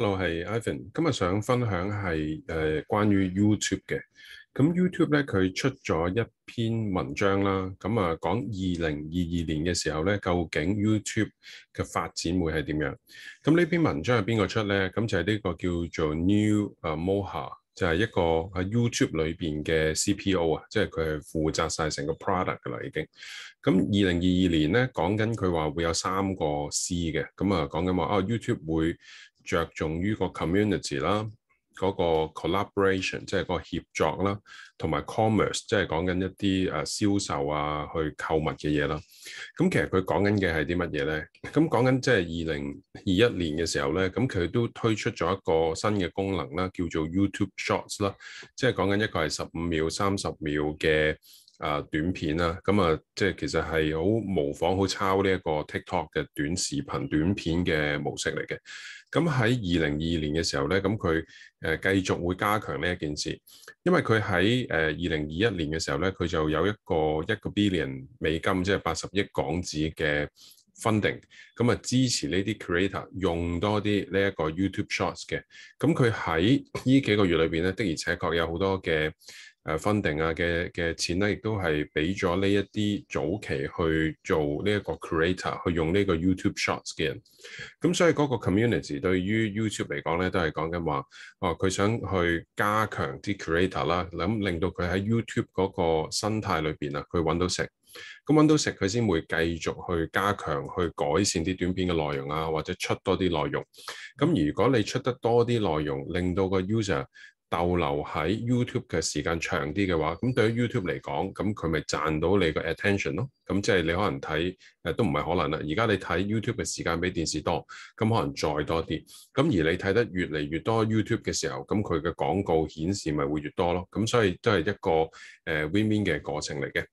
Hello，係 Ivan，今日想分享係誒、呃、關於 YouTube 嘅。咁 YouTube 咧，佢出咗一篇文章啦。咁啊，講二零二二年嘅時候咧，究竟 YouTube 嘅發展會係點樣？咁呢篇文章係邊個出咧？咁就係呢個叫做 Neal Mohan，就係一個喺 YouTube 裏邊嘅 CPO 啊，即係佢係負責晒成個 product 噶啦已經。咁二零二二年咧，講緊佢話會有三個 C 嘅。咁啊，講緊話啊 YouTube 會，着重於個 community 啦，嗰個 collaboration，即係嗰個協作啦，同埋 commerce，即係講緊一啲誒銷售啊，去購物嘅嘢啦。咁其實佢講緊嘅係啲乜嘢咧？咁講緊即係二零二一年嘅時候咧，咁佢都推出咗一個新嘅功能啦，叫做 YouTube Shorts 啦，即係講緊一個係十五秒、三十秒嘅，啊短片啦，咁啊即係其實係好模仿、好抄呢一個 TikTok 嘅短視頻、短片嘅模式嚟嘅。咁喺二零二二年嘅時候咧，咁佢誒繼續會加強呢一件事，因為佢喺誒二零二一年嘅時候咧，佢就有一個一個 billion 美金，即係八十億港紙嘅 funding，咁啊支持呢啲 creator 用多啲呢一個 YouTube Shorts 嘅。咁佢喺呢幾個月裏邊咧，的而且確有好多嘅。誒 funding 啊嘅嘅錢咧，亦都係俾咗呢一啲早期去做呢一個 creator，去用呢個 YouTube Shorts 嘅人。咁所以嗰個 community 對於 YouTube 嚟講咧，都係講緊話，哦佢想去加強啲 creator 啦，咁令到佢喺 YouTube 嗰個生態裏邊啊，佢揾到食。咁揾到食，佢先會繼續去加強、去改善啲短片嘅內容啊，或者出多啲內容。咁如果你出得多啲內容，令到個 user 逗留喺 YouTube 嘅時間長啲嘅話，咁對於 YouTube 嚟講，咁佢咪賺到你個 attention 咯。咁即係你可能睇，誒、呃、都唔係可能啦。而家你睇 YouTube 嘅時間比電視多，咁可能再多啲。咁而你睇得越嚟越多 YouTube 嘅時候，咁佢嘅廣告顯示咪會越多咯。咁所以都係一個誒 win-win 嘅過程嚟嘅。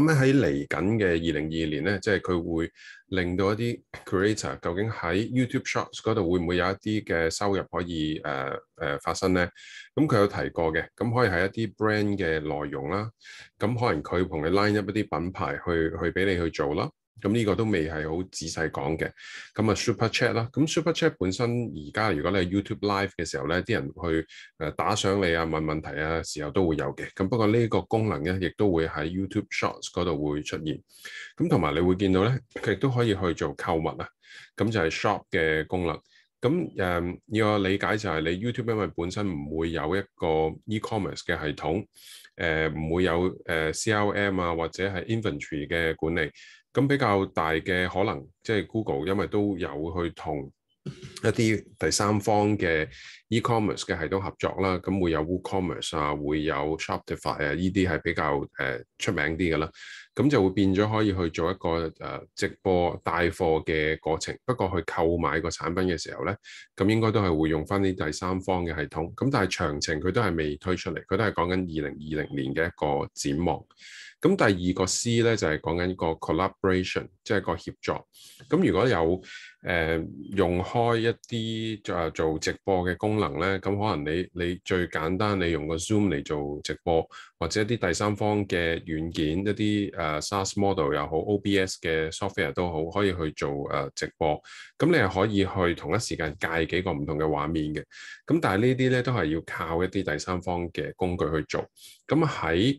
咁咧喺嚟緊嘅二零二二年咧，即係佢會令到一啲 creator 究竟喺 YouTube shops 嗰度會唔會有一啲嘅收入可以誒誒、呃呃、發生咧？咁佢有提過嘅，咁可以係一啲 brand 嘅內容啦，咁可能佢同你 line up 一啲品牌去去俾你去做咯。咁呢個都未係好仔細講嘅。咁啊，Super Chat 啦。咁 Super Chat 本身而家如果你係 YouTube Live 嘅時候咧，啲人去誒打賞你啊、問問題啊時候都會有嘅。咁不過呢個功能咧，亦都會喺 YouTube Shorts 嗰度會出現。咁同埋你會見到咧，佢亦都可以去做購物啊。咁就係 Shop 嘅功能。咁誒、嗯、要我理解就係你 YouTube 因為本身唔會有一個 e-commerce 嘅系統，誒、呃、唔會有誒、呃、CRM 啊或者係 Inventory 嘅管理。咁比較大嘅可能，即係 Google，因為都有去同一啲第三方嘅 e-commerce 嘅系統合作啦。咁會有 WooCommerce 啊，會有 Shopify 啊，呢啲係比較誒、呃、出名啲嘅啦。咁就會變咗可以去做一個誒、呃、直播帶貨嘅過程。不過去購買個產品嘅時候咧，咁應該都係會用翻啲第三方嘅系統。咁但係詳情，佢都係未推出嚟，佢都係講緊二零二零年嘅一個展望。咁第二個 C 咧就係講緊個 collaboration，即係個協作。咁如果有誒、呃、用開一啲誒做直播嘅功能咧，咁可能你你最簡單你用個 Zoom 嚟做直播，或者一啲第三方嘅軟件，一啲誒 SaaS Model 又好，OBS 嘅 software 都好，可以去做誒直播。咁你係可以去同一時間介幾個唔同嘅畫面嘅。咁但係呢啲咧都係要靠一啲第三方嘅工具去做。咁喺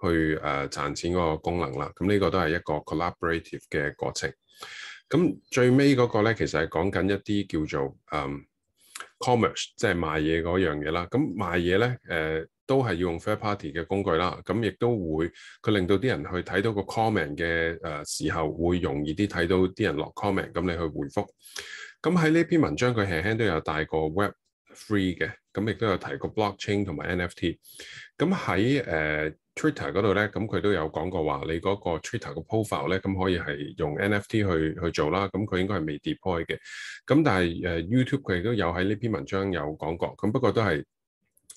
去誒、呃、賺錢嗰個功能啦，咁呢個都係一個 collaborative 嘅過程。咁最尾嗰個咧，其實係講緊一啲叫做誒、嗯、commerce，即係賣嘢嗰樣嘢啦。咁賣嘢咧誒都係要用 third party 嘅工具啦。咁亦都會佢令到啲人去睇到個 comment 嘅誒時候，會容易啲睇到啲人落 comment。咁你去回覆。咁喺呢篇文章，佢輕輕都有帶過 web three 嘅，咁亦都有提過 blockchain 同埋 NFT。咁喺誒。Twitter 嗰度咧，咁佢都有講過話，你嗰個 Twitter 嘅 profile 咧，咁可以係用 NFT 去去做啦。咁佢應該係未 deploy 嘅。咁但係誒 YouTube 佢亦都有喺呢篇文章有講過。咁不過都係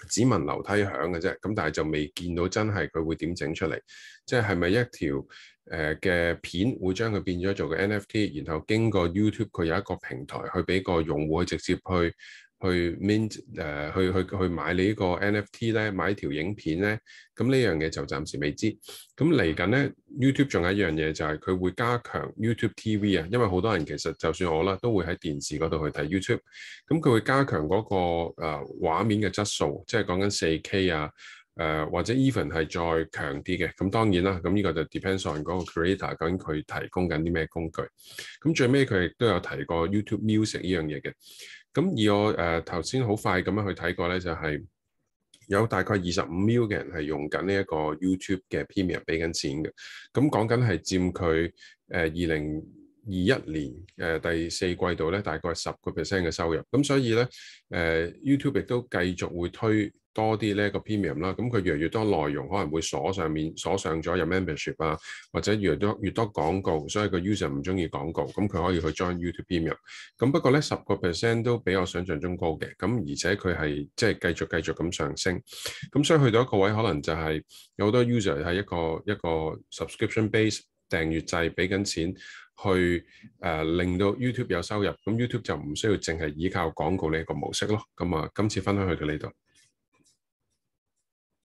只聞樓梯響嘅啫。咁但係就未見到真係佢會點整出嚟，即係係咪一條誒嘅片會將佢變咗做個 NFT，然後經過 YouTube 佢有一個平台去俾個用戶去直接去。去 mint 誒，去去去買你個呢個 NFT 咧，買條影片咧，咁呢樣嘢就暫時未知。咁嚟緊咧，YouTube 仲有一樣嘢就係佢會加強 YouTube TV 啊，因為好多人其實就算我啦，都會喺電視嗰度去睇 YouTube。咁佢會加強嗰、嗰個誒、呃、畫面嘅質素，即係講緊四 K 啊，誒、呃、或者 even 係再強啲嘅。咁當然啦，咁呢個就 depends on 嗰個 creator，究竟佢提供緊啲咩工具。咁最尾佢亦都有提過 YouTube Music 呢樣嘢嘅。咁而我誒頭先好快咁樣去睇過咧，就係、是、有大概二十五 million 嘅人係用緊呢一個 YouTube 嘅 Premium 俾緊錢嘅，咁講緊係佔佢誒二零二一年誒、呃、第四季度咧大概十個 percent 嘅收入，咁所以咧誒、呃、YouTube 亦都繼續會推。多啲呢個 premium 啦，咁佢越嚟越多內容可能會鎖上面鎖上咗有 membership 啊，或者越嚟多越多廣告，所以個 user 唔中意廣告，咁佢可以去 join YouTube premium。咁不過呢，十個 percent 都比我想像中高嘅，咁而且佢係即係繼續繼續咁上升，咁所以去到一個位可能就係有好多 user 係一個一個 subscription base 訂閱制俾緊錢去誒、呃、令到 YouTube 有收入，咁 YouTube 就唔需要淨係依靠廣告呢一個模式咯。咁啊，今次分享去到呢度。